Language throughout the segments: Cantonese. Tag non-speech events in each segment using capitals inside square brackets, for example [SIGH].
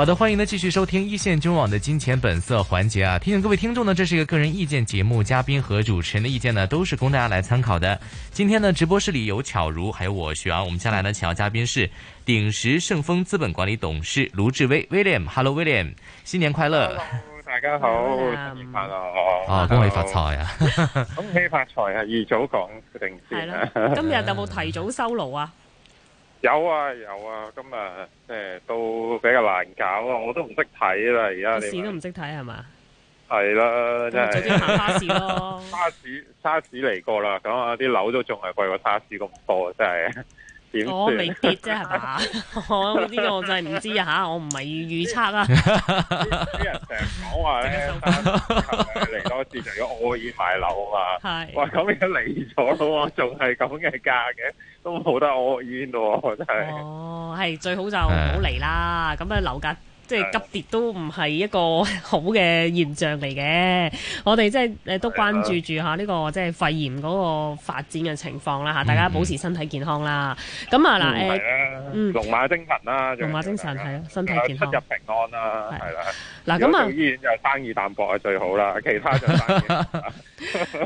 好的，歡迎呢，繼續收聽一線中網的金錢本色環節啊！提醒各位聽眾呢，這是一個個人意見節目，嘉賓和主持人的意見呢，都是供大家來參考的。今天呢，直播室裏有巧如，還有我徐安，啊。我們將來呢，請到嘉賓是鼎石盛豐資本管理董事盧志威 （William）。Hello，William，新年快樂！Hello，大家好，新年快樂！啊，恭喜發財啊！恭 [LAUGHS] 喜，okay，發財啊！預早講定先，今日有冇提早收爐啊？ [NOISE] 有啊有啊，今日誒都比較難搞啊，我都唔識睇啦，而家你都唔識睇係嘛？係啦，真係做行沙士咯，沙士，沙士嚟過啦，咁啊啲樓都仲係貴過沙士咁多，啊，真係。我未跌啫，係嘛？ [LAUGHS] 我呢個我真係唔知啊！吓， [LAUGHS] 我唔係預測啊。啲人成日講話咧嚟多次就要沃煙買樓啊！係，哇咁樣嚟咗咯，仲係咁嘅價嘅，都冇得沃煙咯，真係。 [LAUGHS] 哦，係最好就唔好嚟啦。咁啊，樓價。即係急跌都唔係一個好嘅現象嚟嘅，我哋即係誒都關注住嚇呢個即係肺炎嗰個發展嘅情況啦嚇，大家保持身體健康啦。咁啊嗱誒，嗯，龍馬精神啦，龍馬精神係咯，身體健康，出入平安啦，係啦。嗱咁啊，醫院就生意淡薄係最好啦，其他就係啦。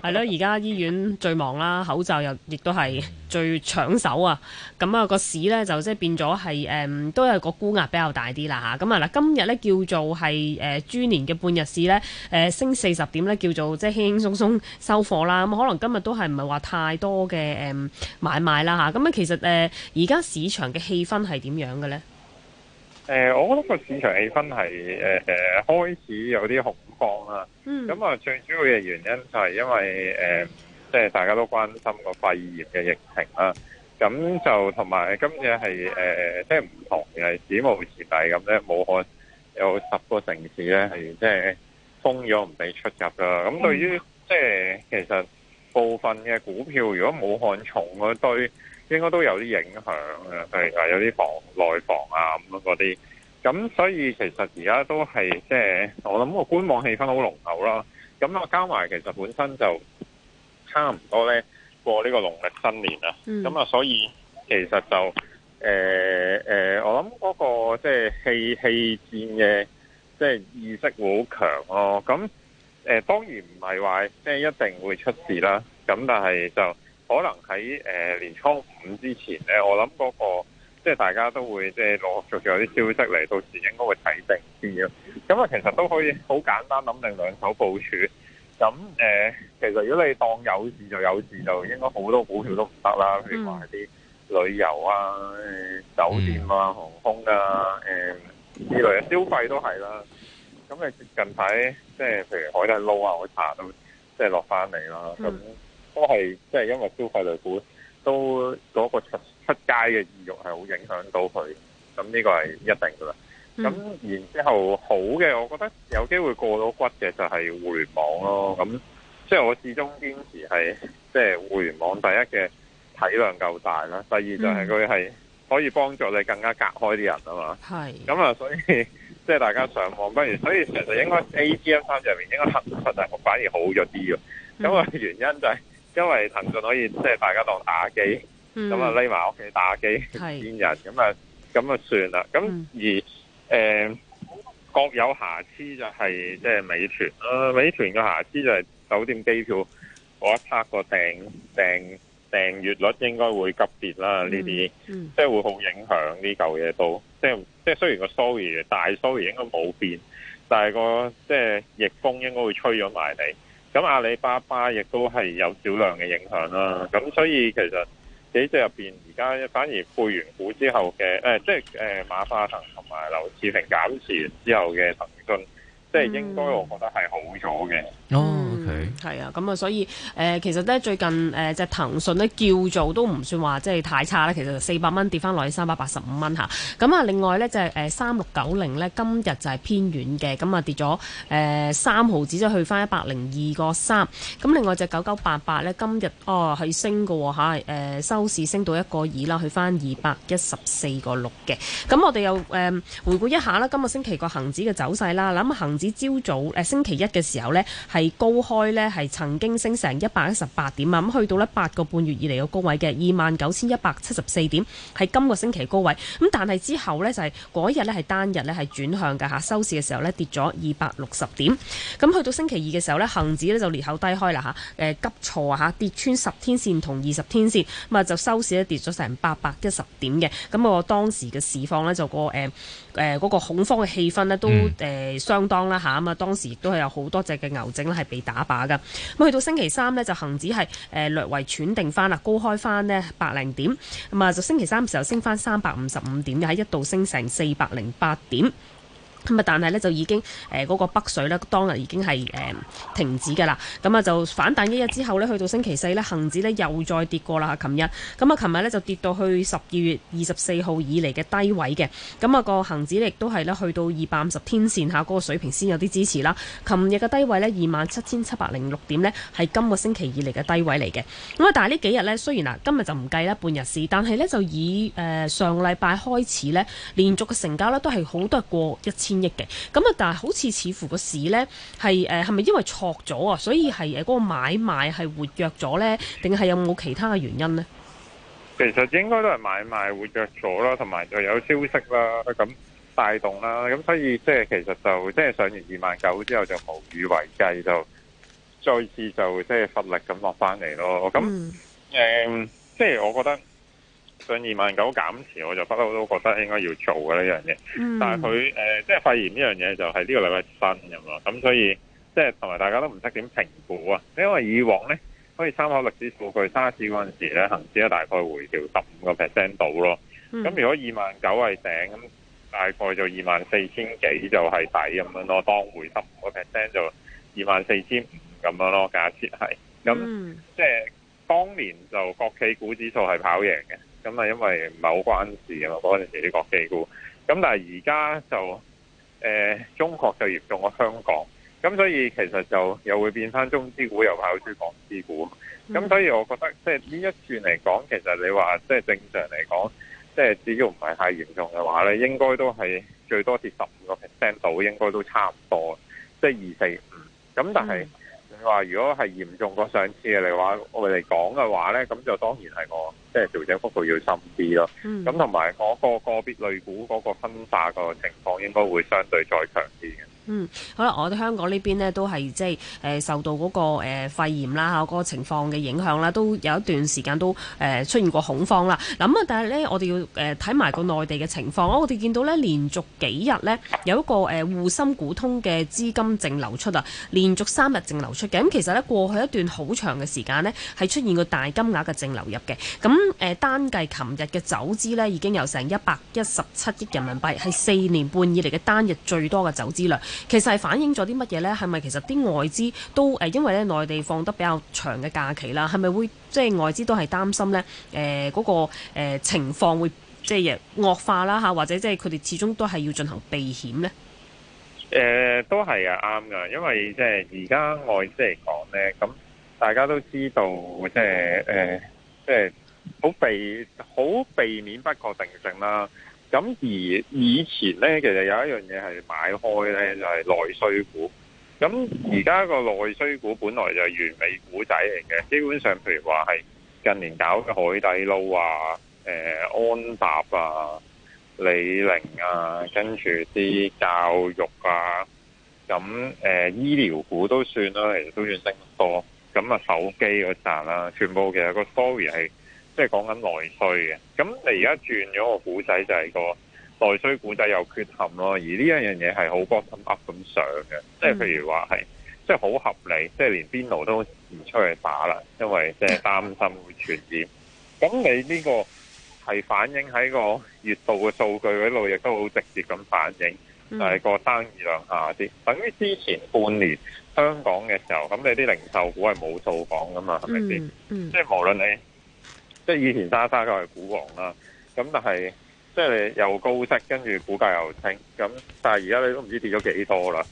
係咯，而家醫院最忙啦，口罩又亦都係最搶手啊。咁啊個市咧就即係變咗係誒，都係個沽壓比較大啲啦嚇。咁啊嗱。今日咧叫做係誒、呃、豬年嘅半日市咧，誒、呃、升四十點咧，叫做即係輕輕鬆鬆收貨啦。咁可能今日都係唔係話太多嘅誒、呃、買賣啦嚇。咁啊，其實誒而家市場嘅氣氛係點樣嘅咧？誒、呃，我覺得個市場氣氛係誒誒開始有啲恐慌啦。咁啊、嗯，最主要嘅原因就係因為誒、呃，即係大家都關心個肺炎嘅疫情啦。咁就同埋今次係誒、呃，即係唔同嘅，史無前例咁咧。武漢有十個城市咧係即係封咗唔俾出入啦。咁對於即係其實部分嘅股票，如果武漢重嗰堆，應該都有啲影響嘅，譬如話，有啲房內房啊咁樣嗰啲。咁所以其實而家都係即係我諗個觀望氣氛好濃厚啦。咁我加埋其實本身就差唔多咧。過呢個農曆新年啦，咁啊，所以其實就誒誒、呃呃，我諗嗰個即係氣氣戰嘅，即係意識會好強咯。咁誒、呃，當然唔係話即係一定會出事啦。咁但係就可能喺誒、呃、年初五之前咧，我諗嗰、那個即係、就是、大家都會即係陸續有啲消息嚟，到時應該，應該會睇定啲咯。咁啊，其實都可以好簡單諗定兩手部署。咁誒、呃，其實如果你當有事就有事就應該好多股票都唔得啦，譬如話啲旅遊啊、呃、酒店啊、航空啊誒、呃、之類嘅消費都係啦。咁你近排即係譬如海底撈啊，我查到即係落翻嚟啦。咁都係即係因為消費類股都嗰個出出街嘅意欲係好影響到佢。咁呢個係一定噶啦。咁然之後好嘅，我覺得有機會過到骨嘅就係互聯網咯。咁即係我始終堅持係，即係互聯網第一嘅體量夠大啦。第二就係佢係可以幫助你更加隔開啲人啊嘛。係。咁啊，所以即係大家上網不如，所以其實應該 A、T、M 三入面應該騰訊係反而好咗啲嘅。咁啊，原因就係因為騰訊可以即係大家當打機，咁啊匿埋屋企打機見人，咁啊咁啊算啦。咁而誒，各有瑕疵就係即係美團啦，美團嘅瑕疵就係酒店機票嗰一 part 個訂訂訂閱率應該會急跌啦，呢啲、嗯嗯、即係會好影響呢嚿嘢都，即係即係雖然個 story 大 story 應該冇變，但係、個即係逆風應該會吹咗埋嚟，咁阿里巴巴亦都係有少量嘅影響啦，咁、嗯、所以其實。喺幾隻入邊，而家反而配完股之後嘅，誒、欸，即係誒、欸，馬化騰同埋劉熾平減持之後嘅騰訊，即係應該我覺得係好咗嘅。Mm. Oh. 係啊，咁 [NOISE] 啊、嗯嗯嗯，所以誒、呃，其實呢，最近誒隻、呃、騰訊呢叫做都唔算話即係太差啦，其實四百蚊跌翻落去三百八十五蚊嚇。咁啊，另外呢，90，就係誒三六九零呢，今日就係偏軟嘅，咁啊跌咗誒三毫子，即去翻一百零二個三。咁另外隻九九八八呢，今日哦係、啊、升嘅嚇，誒、啊、收市升到一個二啦，去翻二百一十四個六嘅。咁、啊、我哋又誒、呃、回顧一下啦，今個星期個恒指嘅走勢啦，諗恒指朝早誒星期一嘅時候呢，係高開。開呢係曾經升成一百一十八點啊，咁去到呢八個半月以嚟嘅高位嘅二萬九千一百七十四點，係今個星期高位。咁但係之後呢，就係嗰日呢係單日呢係轉向嘅嚇，收市嘅時候呢跌咗二百六十點。咁去到星期二嘅時候呢，恒指呢就裂口低開啦嚇，誒急挫啊嚇，跌穿十天線同二十天線，咁啊就收市呢跌咗成八百一十點嘅。咁我當時嘅市況呢，就、嗰個誒誒嗰恐慌嘅氣氛呢都誒、嗯、相當啦嚇，咁啊當時亦都係有好多隻嘅牛證呢係被打。吧噶，咁去到星期三呢，就恒指係誒略為喘定翻啦，高開翻呢百零點，咁啊就星期三嘅時候升翻三百五十五點，又喺一度升成四百零八點。咁啊，但係咧就已經誒嗰、呃那個北水咧當日已經係誒、呃、停止㗎啦。咁啊就反彈一日之後呢，去到星期四呢，恒指呢又再跌過啦。嚇，琴日咁啊，琴日呢就跌到去十二月二十四號以嚟嘅低位嘅。咁、那、啊個恒指亦都係呢，去到二百五十天線下嗰、那個水平先有啲支持啦。琴日嘅低位呢，二萬七千七百零六點呢，係今個星期以嚟嘅低位嚟嘅。咁啊，但係呢幾日呢，雖然嗱今日就唔計啦半日市，但係呢就以誒、呃、上禮拜開始呢，連續嘅成交呢都係好多係過一千。千億嘅，咁啊，但係好似似乎個市咧係誒，係咪因為挫咗啊？所以係誒嗰個買賣係活躍咗咧，定係有冇其他嘅原因呢？其實應該都係買賣活躍咗啦，同埋就有消息啦，咁帶動啦，咁所以即係其實就即係、就是、上完二萬九之後就無以為繼，就再次就即係乏力咁落翻嚟咯。咁誒、嗯，即係、嗯就是、我覺得。上二萬九減持，我就不嬲都覺得應該要做嘅呢樣嘢。Mm. 但係佢誒，即係肺炎呢樣嘢就係呢個禮拜新咁咯。咁所以即係同埋大家都唔識點評估啊。因為以往呢，可以參考歷史數據，沙士嗰陣時咧恒指咧大概回調十五個 percent 到咯。咁、mm. 如果二萬九係頂，咁大概就二萬四千幾就係底咁樣咯。當回十五個 percent 就二萬四千五咁樣咯。假設係咁，mm. 即係當年就國企股指數係跑贏嘅。咁啊，因為唔係好關事啊嘛，嗰陣時啲國企股。咁但係而家就，誒、呃、中國就嚴重過香港。咁所以其實就又會變翻中資股又跑輸港資股。咁所以我覺得，即係呢一轉嚟講，其實你話即係正常嚟講，即、就、係、是、只要唔係太嚴重嘅話咧，應該都係最多跌十五個 percent 到，應該都差唔多，即係二四五。咁但係。嗯話如果係嚴重過上次嘅話，我哋講嘅話咧，咁就當然係我即係調整幅度要深啲咯。嗯。咁同埋嗰個個別類股嗰個分化個情況應該會相對再強啲嘅。嗯，好啦，我哋香港呢邊呢都係即係誒受到嗰、那個、呃、肺炎啦嚇個情況嘅影響啦，都有一段時間都誒、呃、出現過恐慌啦。咁啊，但係呢，我哋要誒睇埋個內地嘅情況，我哋見到呢連續幾日呢有一個誒滬深股通嘅資金淨流出啊，連續三日淨流出嘅。咁其實呢，過去一段好長嘅時間呢係出現個大金額嘅淨流入嘅。咁、嗯、誒、呃、單計琴日嘅走資呢已經有成一百一十七億人民幣，係四年半以嚟嘅單日最多嘅走資量。嗯嗯嗯嗯嗯其實係反映咗啲乜嘢咧？係咪其實啲外資都誒，因為咧內地放得比較長嘅假期啦，係咪會即係外資都係擔心咧？誒、呃、嗰、嗰個、呃、情況會即係惡化啦嚇，或者即係佢哋始終都係要進行避險咧？誒、呃，都係啊，啱噶，因為即係而家外資嚟講咧，咁大家都知道，即係誒，即係好避好避免不確定性啦。咁而以前呢，其實有一樣嘢係買開呢，就係、是、內需股。咁而家個內需股本來就係完美股仔嚟嘅，基本上譬如話係近年搞嘅海底撈啊、誒、呃、安踏啊、李寧啊，跟住啲教育啊，咁誒、呃、醫療股都算啦，其實都算升多。咁啊手機嗰站啦，全部其實個 story 係。即係講緊內需嘅，咁你而家轉咗個股仔就係個內需股仔有缺陷咯，而呢一樣嘢係好高深 up 咁上嘅，即係譬如話係即係好合理，即係連邊爐都唔出去打啦，因為即係擔心會傳染。咁你呢個係反映喺個月度嘅數據嗰度，亦都好直接咁反映，但係、嗯、個生意量下啲。等於之前半年香港嘅時候，咁你啲零售股係冇數講噶嘛，係咪先？嗯嗯、即係無論你。即係以前莎莎就係股王啦，咁但係即係你又高息，跟住股價又升，咁但係而家你都唔知跌咗幾多啦。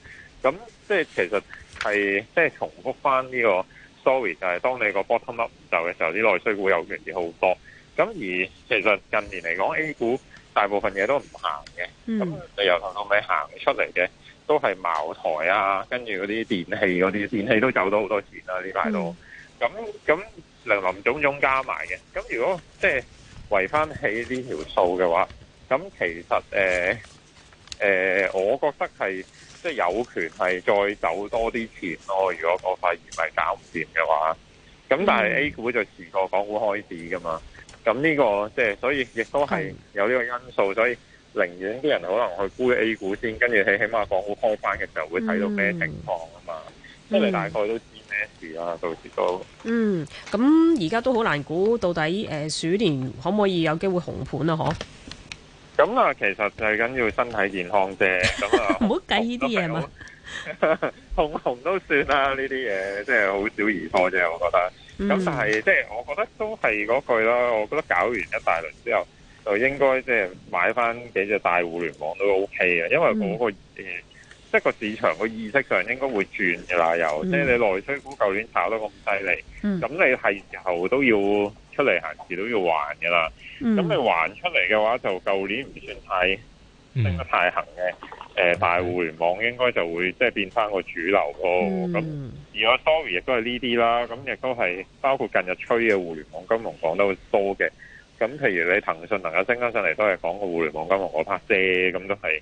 咁即係其實係即係重複翻呢個 story 就係、是、當你個 bottom up 唔就嘅時候，啲內需股又便宜好多。咁而其實近年嚟講，A 股大部分嘢都唔行嘅，咁你由、嗯、頭到尾行出嚟嘅都係茅台啊，跟住嗰啲電器嗰啲電器都走咗好多錢啦，呢排都咁咁。嗯林林總總加埋嘅，咁如果即係圍翻起呢條數嘅話，咁其實誒誒、呃呃，我覺得係即係有權係再走多啲錢咯。如果個肺炎係搞唔掂嘅話，咁但係 A 股就遲過港股開始噶嘛。咁呢、呢個即係所以亦都係有呢個因素，所以寧願啲人可能去估 A 股先，跟住起起碼港股開翻嘅時候會睇到咩情況啊嘛。即係你大概都。嗯啊？到時都嗯，咁而家都好難估到底誒鼠、呃、年可唔可以有機會紅盤啊？嗬？咁啊，其實最緊要身體健康啫。咁 [LAUGHS] 啊，唔好計呢啲嘢嘛。紅唔紅都算啦，呢啲嘢即係好少兒科啫。我覺得。咁、嗯、但係即係，就是、我覺得都係嗰句啦。我覺得搞完一大輪之後，就應該即係買翻幾隻大互聯網都 O K 嘅，因為嗰、那個、嗯即係個市場個意識上應該會轉噶啦，又即係你內需股舊年炒得咁犀利，咁、嗯、你係時候都要出嚟行時都要還噶啦。咁、嗯、你還出嚟嘅話，就舊年唔算太升得太行嘅。誒、嗯，大、呃、互聯網應該就會即係、就是、變翻個主流咯。咁、嗯、而我 sorry 亦都係呢啲啦。咁亦都係包括近日吹嘅互聯網金融講得好多嘅。咁譬如你騰訊能夠升翻上嚟，都係講個互聯網金融，嗰 part 啫。咁都係。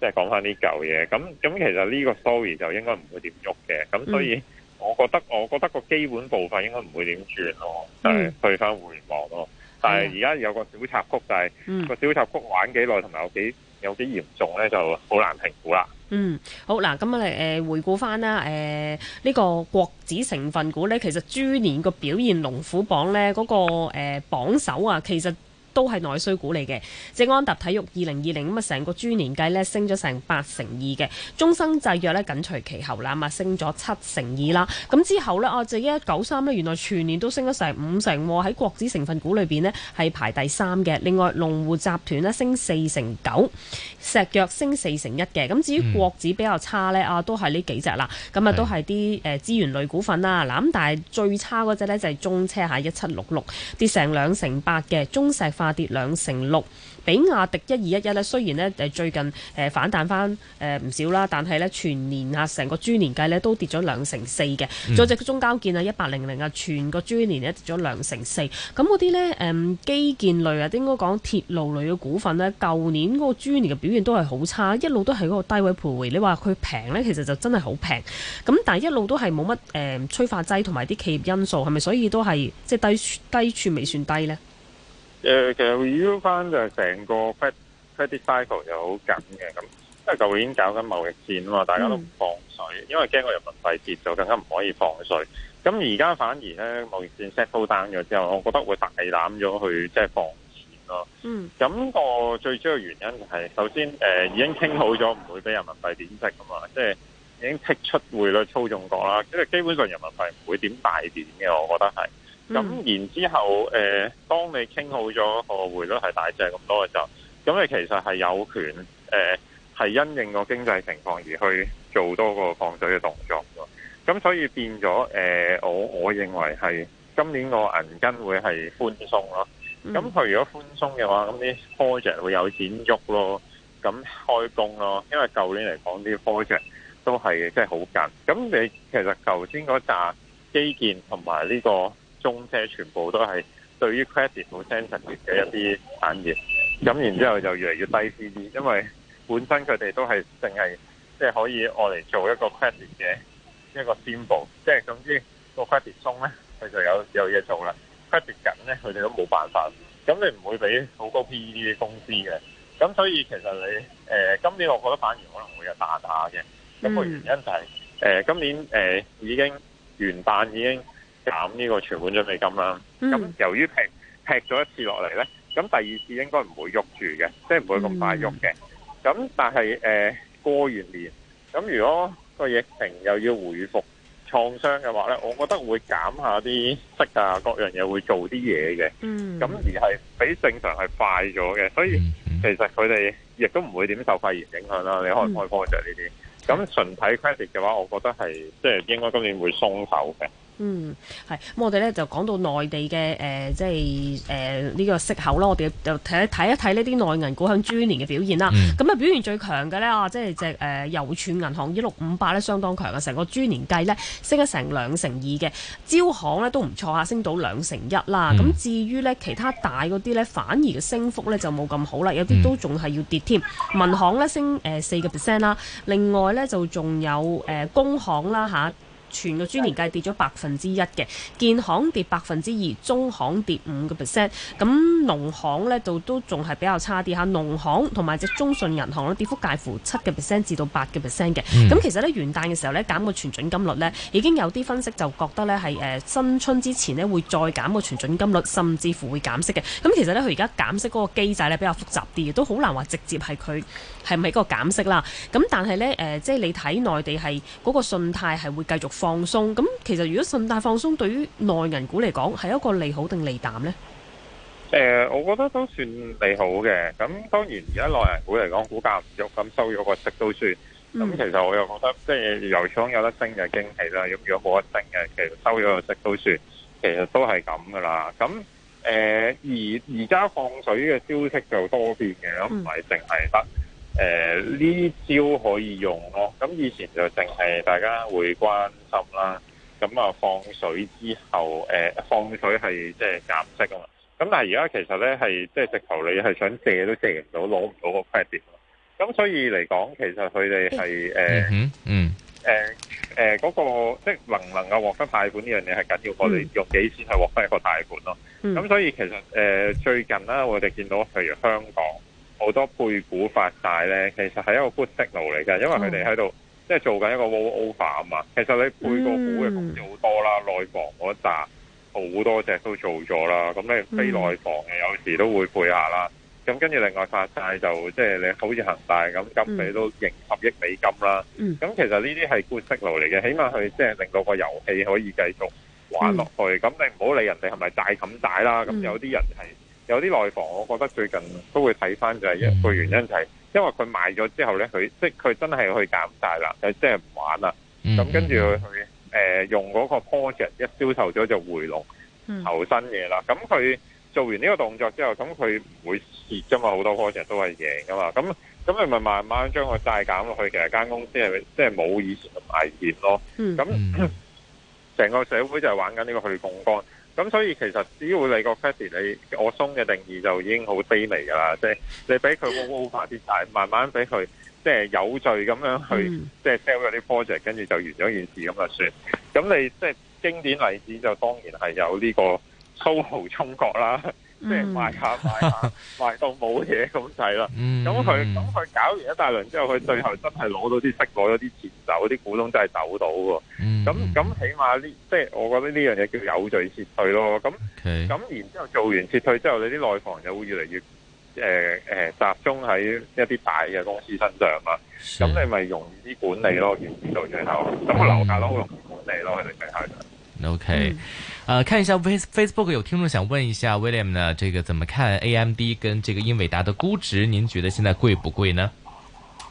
即係講翻呢舊嘢，咁咁其實呢個 story 就應該唔會點喐嘅，咁所以我覺得、嗯、我覺得個基本部分應該唔會點轉咯，嗯、就係去翻互聯網咯。但係而家有個小插曲、就係，就係、嗯、個小插曲玩幾耐，同埋有幾有啲嚴重咧，就好難評估啦。嗯，好嗱，咁我哋誒回顧翻啦，誒、呃、呢、呢個國指成分股咧，其實豬年個表現龍虎榜咧，嗰、嗰個、呃、榜首啊，其實。都係內需股嚟嘅，正安踏體育二零二零咁啊，成個豬年計咧升咗成八成二嘅，中生製藥咧緊隨其後啦，咁、嗯、啊升咗七成二啦。咁之後呢，啊，自一九三呢，原來全年都升咗成五成喎，喺國指成分股裏邊呢，係排第三嘅。另外龍湖集團呢，升四成九，石藥升四成一嘅。咁至於國指比較差呢，啊，都係呢幾隻啦，咁啊都係啲誒資源類股份啦嗱。咁、啊、但係最差嗰隻呢，就係、是、中車下一七六六跌成兩成八嘅，中石化。下跌兩成六，比亞迪一二一一咧，雖然咧誒最近誒反彈返誒唔少啦，但係咧全年啊成個豬年計咧都跌咗兩成四嘅。再隻中交建啊，一八零零啊，全個豬年咧跌咗兩成四。咁嗰啲咧誒基建類啊，應該講鐵路類嘅股份咧，舊年嗰個豬年嘅表現都係好差，一路都係嗰個低位徘徊。你話佢平咧，其實就真係好平。咁但係一路都係冇乜誒催化劑同埋啲企業因素，係咪？所以都係即係低低處未算低咧。誒，其實 review 翻就係成個 credit cycle 就好緊嘅，咁因為舊年搞緊貿易戰啊嘛，大家都唔放水，嗯、因為驚個人民幣跌就更加唔可以放水。咁而家反而咧貿易戰 settle down 咗之後，我覺得會大膽咗去即係、就是、放錢咯。嗯。咁個最主要原因就係、是、首先誒、呃、已經傾好咗唔會俾人民幣貶值啊嘛，即係已經剔出匯率操縱國啦，即係基本上人民幣唔會點大跌嘅，我覺得係。咁、嗯、然之後，誒、呃，當你傾好咗個匯率係大隻咁多嘅時候，咁你其實係有權，誒、呃，係因應個經濟情況而去做多個放水嘅動作㗎。咁所以變咗，誒、呃，我我認為係今年個銀根會係寬鬆咯。咁佢如果寬鬆嘅話，咁啲 project 會有錢喐咯，咁開工咯。因為舊年嚟講啲 project 都係即係好緊。咁你其實頭先嗰紮基建同埋呢個。中車全部都係對於 credit 好 sensitive 嘅一啲產業，咁然之後就越嚟越低 C D，因為本身佢哋都係淨係即係可以我嚟做一個 credit 嘅一個 symbol，即係總之個 credit 鬆咧，佢就有有嘢做啦；credit 緊咧，佢哋都冇辦法。咁你唔會俾好高 PE 啲公司嘅，咁所以其實你誒、呃、今年我覺得反而可能會有大打嘅，咁個原因就係、是、誒、嗯呃、今年誒、呃、已經元旦已經。減呢個存款準備金啦，咁、嗯、由於劈劈咗一次落嚟呢，咁第二次應該唔會喐住嘅，即係唔會咁快喐嘅。咁、嗯、但係誒、呃、過完年，咁如果個疫情又要回復創傷嘅話呢，我覺得會減下啲息，息啊，各樣嘢會做啲嘢嘅。咁、嗯、而係比正常係快咗嘅，所以其實佢哋亦都唔會點受肺炎影響啦。你可唔可以幫我着呢啲。咁、嗯、純體 credit 嘅話，我覺得係即係應該今年會鬆手嘅。嗯，係，咁我哋咧就講到內地嘅誒、呃，即係誒呢個息口啦。我哋就睇睇一睇呢啲內銀股喺豬年嘅表現啦。咁啊、嗯、表現最強嘅咧啊，即係隻誒郵儲銀行一六五八咧，相當強啊！成個豬年計咧，升咗成兩成二嘅。招行咧都唔錯啊，升到兩成一啦。咁、嗯、至於咧其他大嗰啲咧，反而嘅升幅咧就冇咁好啦，有啲都仲係要跌添。民、嗯、行咧升誒四個 percent 啦。另外咧就仲有誒工、呃、行啦嚇。全個全年計跌咗百分之一嘅，建行跌百分之二，中行跌五個 percent，咁農行咧度都仲係比較差啲嚇，農行同埋隻中信銀行咧跌幅介乎七個 percent 至到八個 percent 嘅。咁、嗯、其實咧元旦嘅時候咧減個存準金率咧，已經有啲分析就覺得咧係誒新春之前呢會再減個存準金率，甚至乎會減息嘅。咁其實咧佢而家減息嗰個機制咧比較複雜啲嘅，都好難話直接係佢。係咪一個減息啦？咁但係呢，誒、呃，即係你睇內地係嗰、那個信貸係會繼續放鬆。咁其實如果信貸放鬆對於內銀股嚟講係一個利好定利淡呢？誒、呃，我覺得都算利好嘅。咁當然而家內銀股嚟講，股價唔喐，咁收咗個息都算。咁、嗯、其實我又覺得，即係油搶有得升就驚喜啦。咁如果冇得升嘅，其實收咗個息都算，其實都係咁噶啦。咁誒、呃，而而家放水嘅消息就多變嘅，咁唔係淨係得。誒呢、呃、招可以用咯、啊，咁以前就淨係大家會關心啦。咁、嗯、啊放水之後，誒、呃、放水係即係減息啊嘛。咁但係而家其實咧係即係直頭，你係想借都借唔到，攞唔到個 credit。咁、嗯、所以嚟講，其實佢哋係誒嗯誒誒嗰個即係能唔能夠獲得貸款呢樣嘢係緊要，我哋用幾錢去獲得一個貸款咯。咁、嗯 mm hmm. 嗯、所以其實誒、呃、最近啦、啊，我哋見到譬如香港。好多配股發債咧，其實係一個 good signal 嚟嘅，因為佢哋喺度即係做緊一個 wall over 啊嘛。其實你配個股嘅公司好多啦，內、mm. 房嗰扎好多隻都做咗啦。咁你非內房嘅、mm. 有時都會配下啦。咁跟住另外發債就即係你好似恒大咁，今次、mm. 都成十億美金啦。咁、mm. 其實呢啲係 good signal 嚟嘅，起碼佢即係令到個遊戲可以繼續玩落去。咁、mm. 你唔好理人哋係咪大冚曬啦。咁有啲人係。有啲內房，我覺得最近都會睇翻、就是 mm hmm.，就係、是、一、mm hmm. 呃、個原因，就係因為佢賣咗之後咧，佢即係佢真係去減債啦，誒，即係唔玩啦。咁跟住佢誒用嗰個 project 一銷售咗就回籠投新嘢啦。咁佢做完呢個動作之後，咁佢唔會蝕，啫嘛，好多 project 都係贏噶嘛。咁咁佢咪慢慢將個債減落去。其實間公司係即係冇以前咁危險咯。咁成、mm hmm. 個社會就係玩緊呢個去槓桿。咁、嗯、所以其實只要你個 fatty 你我鬆嘅定義就已經好卑微㗎啦，即、就、係、是、你俾佢 over 啲曬，慢慢俾佢即係有序咁樣去即係、就是、sell 嗰啲 project，跟住就完咗件事咁就算。咁你即係、就是、經典例子就當然係有呢個蘇豪中國啦。即係、mm hmm. 賣下賣下，賣到冇嘢咁滯啦。咁佢咁佢搞完一大輪之後，佢最後真係攞到啲息，攞咗啲錢走，啲股東真係走到嘅。咁咁、mm hmm. 起碼呢，即係我覺得呢樣嘢叫有序撤退咯。咁咁 Okay. 然之後做完撤退之後，你啲內房就會越嚟越誒誒、呃呃、集中喺一啲大嘅公司身上嘛。咁 Sure. 你咪容易啲管理咯，完事到最後。咁樓價都好容易管理咯，佢哋其他 O K。啊、呃，看一下 Facebook 有聽眾想問一下 William 呢，這個怎麼看 AMD 跟這個英偉達的估值？您覺得現在貴不貴呢？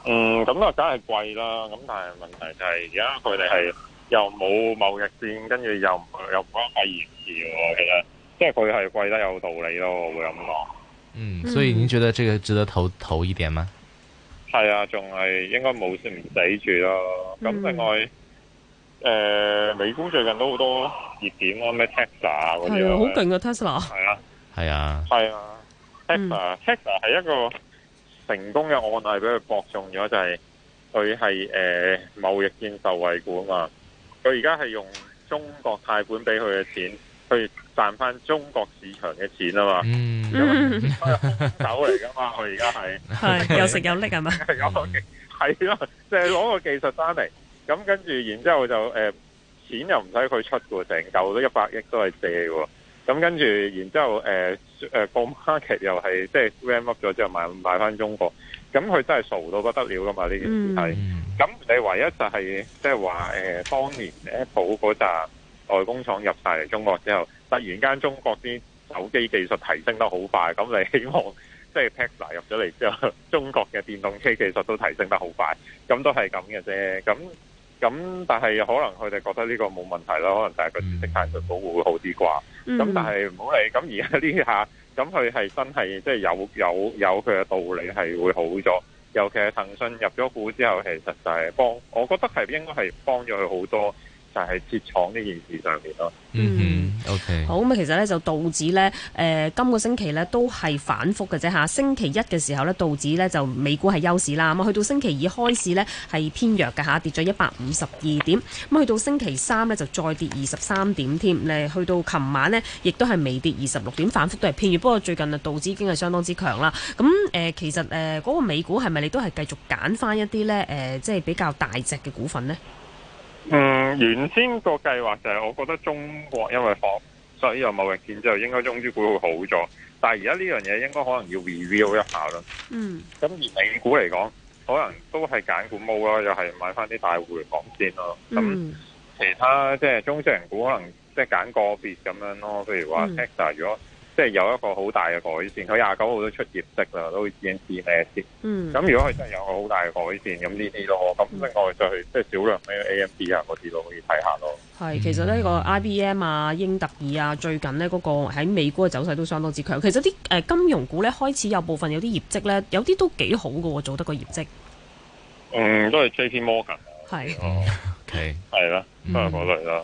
嗯，咁啊梗係貴啦，咁但係問題就係而家佢哋係又冇貿易戰，跟住又又唔關肺炎事喎，其實即係佢係貴得有道理咯，我會咁講。嗯，所以您覺得這個值得投投一點嗎？係啊、嗯，仲係應該冇算唔抵住咯，咁另外。誒，美股最近都好多熱點咯，咩 Tesla 啊嗰啲好勁嘅 Tesla，係啊，係啊，Tesla，Tesla 係一個成功嘅案例，俾佢博中咗就係佢係誒貿易建售位管啊嘛，佢而家係用中國貸款俾佢嘅錢去賺翻中國市場嘅錢啊嘛，嗯，酒嚟噶嘛，佢而家係係有食有拎係嘛，係咯，就係攞個技術翻嚟。咁跟住，然，後然後、呃這個、之後就誒錢又唔使佢出嘅，成嚿都一百億都係借嘅喎。咁跟住，然之後誒誒個 Market 又係即係 ram up 咗之後賣賣翻中國。咁佢真係傻到不得了嘅嘛？呢件事係。咁你唯一就係、是、即係話誒，當年 Apple 嗰陣外工廠入晒嚟中國之後，突然間中國啲手機技術提升得好快。咁你希望即係 Tesla 入咗嚟之後，中國嘅電動車技術都提升得好快。咁都係咁嘅啫。咁咁，但係可能佢哋覺得呢個冇問題咯，可能第一個知識態度保護會好啲啩。咁、mm hmm. 但係唔好理，咁而家呢下，咁佢係真係即係有有有佢嘅道理係會好咗。尤其係騰訊入咗股之後，其實就係幫，我覺得係應該係幫咗佢好多。就係設廠呢件事上面咯。嗯，OK。好，咁其實咧就道指呢，誒、呃、今個星期呢都係反覆嘅啫嚇。星期一嘅時候呢，道指呢就美股係休市啦。咁去到星期二開市呢，係偏弱嘅嚇，下跌咗一百五十二點。咁去到星期三呢，就再跌二十三點添。誒，去到琴晚呢，亦都係微跌二十六點，反覆都係偏弱。不過最近啊，道指已經係相當之強啦。咁誒、呃，其實誒嗰、呃那個美股係咪你都係繼續揀翻一啲呢？誒、呃，即係比較大隻嘅股份呢。嗯，原先個計劃就係，我覺得中國因為放自由貿易戰之後，應該中資股會好咗。但係而家呢樣嘢應該可能要 review 一下咯。嗯，咁而美股嚟講，可能都係揀股毛咯，又係買翻啲大戶嚟講先咯。咁、嗯嗯、其他即係中小型股，可能即係揀個別咁樣咯。譬如話 Tesla 如果。即係有一個好大嘅改善，佢廿九號都出業績啦，都已經知咩先。嗯。咁如果佢真係有個好大嘅改善，咁呢啲咯，咁另外再去，即係少量啲 A M D 啊，嗰啲都可以睇下咯。係，其實呢、呢個 I B M 啊、英特爾啊，最近呢嗰個喺美股嘅走勢都相當之強。其實啲誒金融股咧開始有部分有啲業績咧，有啲都幾好嘅喎，做得個業績。嗯，都係 J P Morgan。係。係。係啦，都係嗰類啦。